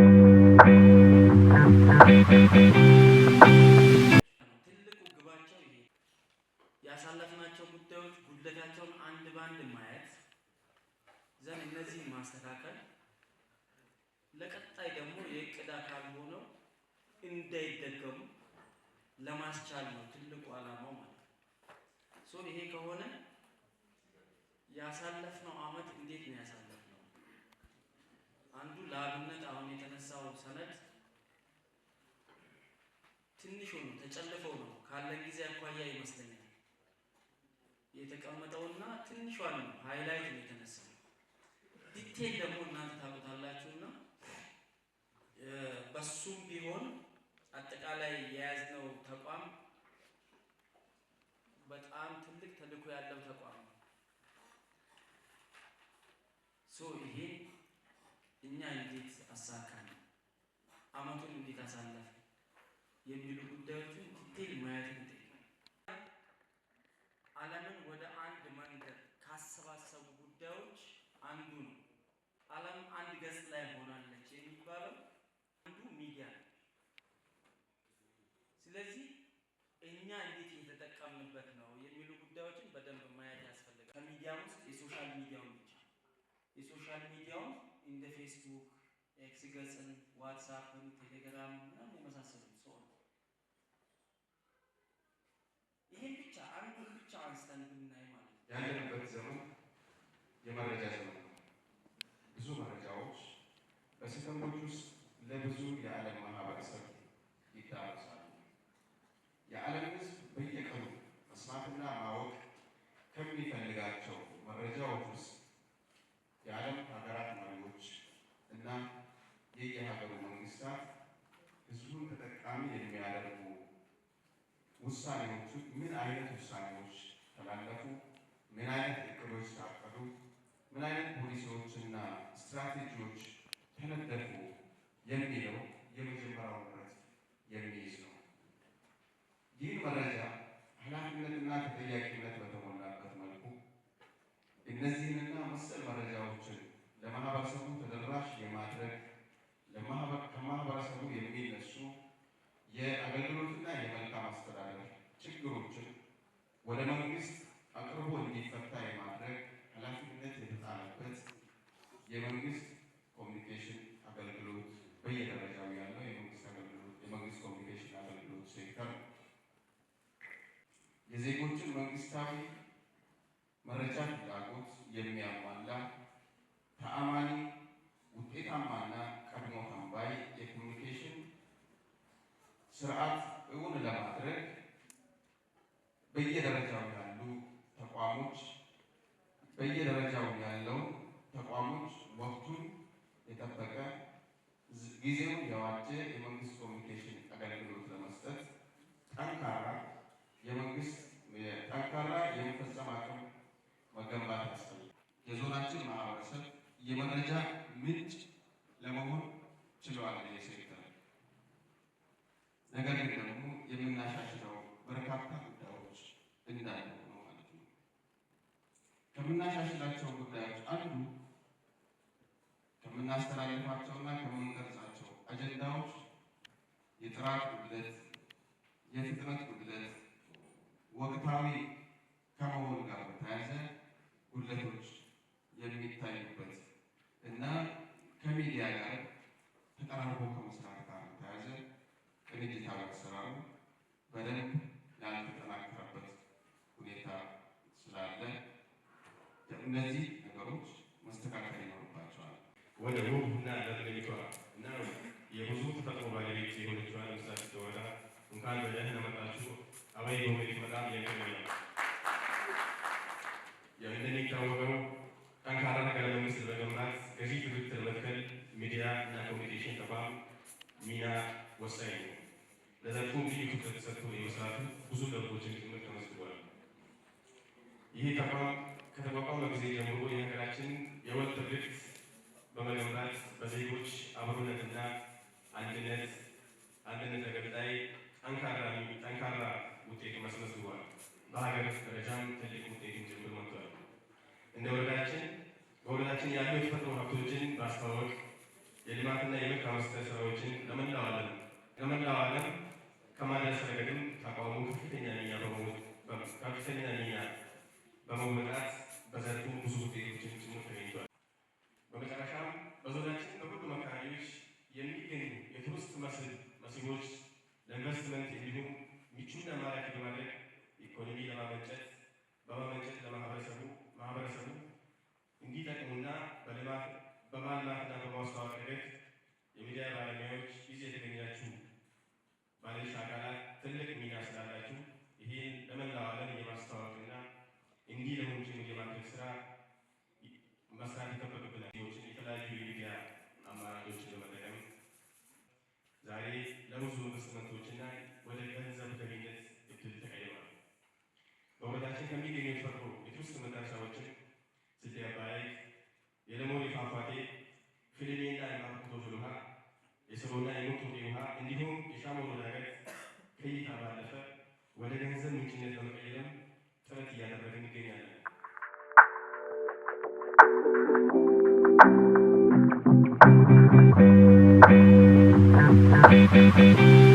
ትልቁ ግባቸው ያሳለፍናቸው ጉዳዮች ጉድለታቸውን አንድ በአንድ ማየት ዘንድ እነዚህን ማስተካከል ለቀጣይ ደግሞ የእቅድ አካል ሆነው እንዳይደገሙ ለማስቻል ነው ትልቁ ዓላማው ማለት ነው። ይሄ ከሆነ ያሳለፍነው አመት እንዴት ነው ያሳለፍ አንዱ ለአብነት አሁን የተነሳው ሰነድ ትንሽ ሆኖ ተጨልፈው ነው ካለን ጊዜ አኳያ ይመስለኛል የተቀመጠውና ትንሿን ነው ሃይላይት ነው የተነሳው። ዲቴል ደግሞ እናንተ ታውቁታላችሁና በሱም ቢሆን አጠቃላይ የያዝነው ተቋም በጣም ትልቅ ተልዕኮ ያለው ተቋም ነው። ይሄ እኛ እንዴት አሳካን፣ አመቱን እንዴት አሳለፍ የሚሉ ጉዳዮችን ዲቴል ማየት ይጠይቃል። ዓለምን ወደ አንድ መንገድ ካሰባሰቡ ጉዳዮች አንዱ ነው። ዓለም አንድ ገጽ ላይ ሆናለች የሚባለው አንዱ ሚዲያ ነው። ስለዚህ እኛ እንዴት እየተጠቀምንበት ነው የሚሉ ጉዳዮችን በደንብ ማየት ያስፈልጋል። ከሚዲያ ውስጥ የሶሻል ሚዲያውን ብቻ የሶሻል ሚዲያውን እንደ ፌስቡክ ኤክስ ገጽን፣ ዋትሳፕን፣ ቴሌግራም ምናምን የመሳሰሉት ሰው ይሄን ብቻ አንዱን ብቻ አንስተን ብናይ ማለት ነው ያለንበት ዘመን የመረጃ ዘመን ነው። ብዙ መረጃዎች በሰከንዶች ውስጥ ለብዙ የዓለም ማህበረሰብ ይዳረሳሉ። የዓለም ውሳኔዎቹ ምን አይነት ውሳኔዎች ተላለፉ፣ ምን አይነት እቅዶች ታቀዱ፣ ምን አይነት ፖሊሲዎችና ስትራቴጂዎች ተነደፉ የሚለው የመጀመሪያው ንብረት የሚይዝ ነው። ይህን መረጃ ኃላፊነትና ተጠያቂነት በተሞላበት መልኩ እነዚህንና መሰል መረጃዎችን ለማህበረሰቡ ተደራሽ የማድረግ ከማህበረሰቡ የሚነሱ በየደረጃው ያለው ተቋሞች ወቅቱን የጠበቀ ጊዜውን የዋጀ የመንግስት ኮሚኒኬሽን አገልግሎት ለመስጠት ጠንካራ የመንግስት ጠንካራ የመፈጸም አቅም መገንባት ያስፈልጋል። የዞናችን ማህበረሰብ የመረጃ ምንጭ ለመሆን ችሏል። የሴክተር ነገር ግን ደግሞ የምናሻሽለው በርካታ ጉዳዮች እንዳሉ ከምናሻሽላቸው ጉዳዮች አንዱ ከምናስተላልፋቸውና ከምንቀርጻቸው አጀንዳዎች የጥራት ጉድለት፣ የፍጥነት ጉድለት፣ ወቅታዊ ከመሆን ጋር በተያያዘ ጉድለቶች የሚታዩበት እና ከሚዲያ ጋር ተቀራርቦ ከመስራት ጋር በተያያዘ ቅንጅታዊ አሰራሩ በደንብ እነዚህ ነገሮች መስተካከል ይኖርባቸዋል። ወደ ውብ እና ለምለሚቷ እና የብዙ ተፈጥሮ ባለቤት የሆነችዋን ምስራቅ ወረዳ እንኳን በደህና መጣችሁ። አባይ ጎበዝ በጣም የሚገርም ነው። እንደሚታወቀው ጠንካራ ሀገረ መንግስት በመምራት ገዢ ትርክት ለመትከል ሚዲያ እና ኮሚኒኬሽን ተቋም ሚና ወሳኝ ነው። ለዘርፉ ልዩ ትኩረት ተሰጥቶ የመስራቱ ብዙ ለውጦችን ጭምር ተመዝግቧል። ይህ ተቋም ከቆመ ጊዜ ጀምሮ የሀገራችን የወጥ ልቅት በመገንባት በዜጎች አብሮነትና አንድነት አንድነት ተገንጣይ ጠንካራ ውጤት መስመዝግቧል። በሀገር ደረጃም ትልቅ ውጤትን ጭምር መጥቷል። እንደ ወረዳችን በወረዳችን ያሉ የተፈጥሮ ሀብቶችን በማስተዋወቅ የልማትና የመልካም አስተዳደር ስራዎችን ለመላው ዓለም ለመላው ዓለም ከማድረስ ረገድም ተቋሙ ከፍተኛ ሚና በመወጣት በዘርፉ ብዙ ውጤቶችን ጭምር ተገኝቷል። በመጨረሻም በዞናችን በሁሉም አካባቢዎች የሚገኙ የቱሪስት መስህብ መስህቦች ለኢንቨስትመንት እንዲሁም ምቹና ማራኪ በማድረግ ኢኮኖሚ ለማመንጨት በማመንጨት ለማህበረሰቡ ማህበረሰቡ እንዲጠቅሙና በልማት በማልማትና በማስተዋወቅ ረገድ የሚዲያ ባለሙያ መስመቶችና ወደ ገንዘብ ገቢነት እድል ተቀይሯል። በወረዳችን ከሚገኙ የተፈጥሮ የቱሪስት መዳረሻዎችን ስልጤ አባይ ሐይቅ፣ የለሞሪ ፏፏቴ፣ ፍልሌና የማርቆቶ ውሃ፣ የሰሮና የሞንቶዴ ውሃ እንዲሁም የሻሞሮ ዳገት ከእይታ ባለፈ ወደ ገንዘብ ምንጭነት በመቀየርም ጥረት እያደረግን ይገኛለን። Thank you. Thank you.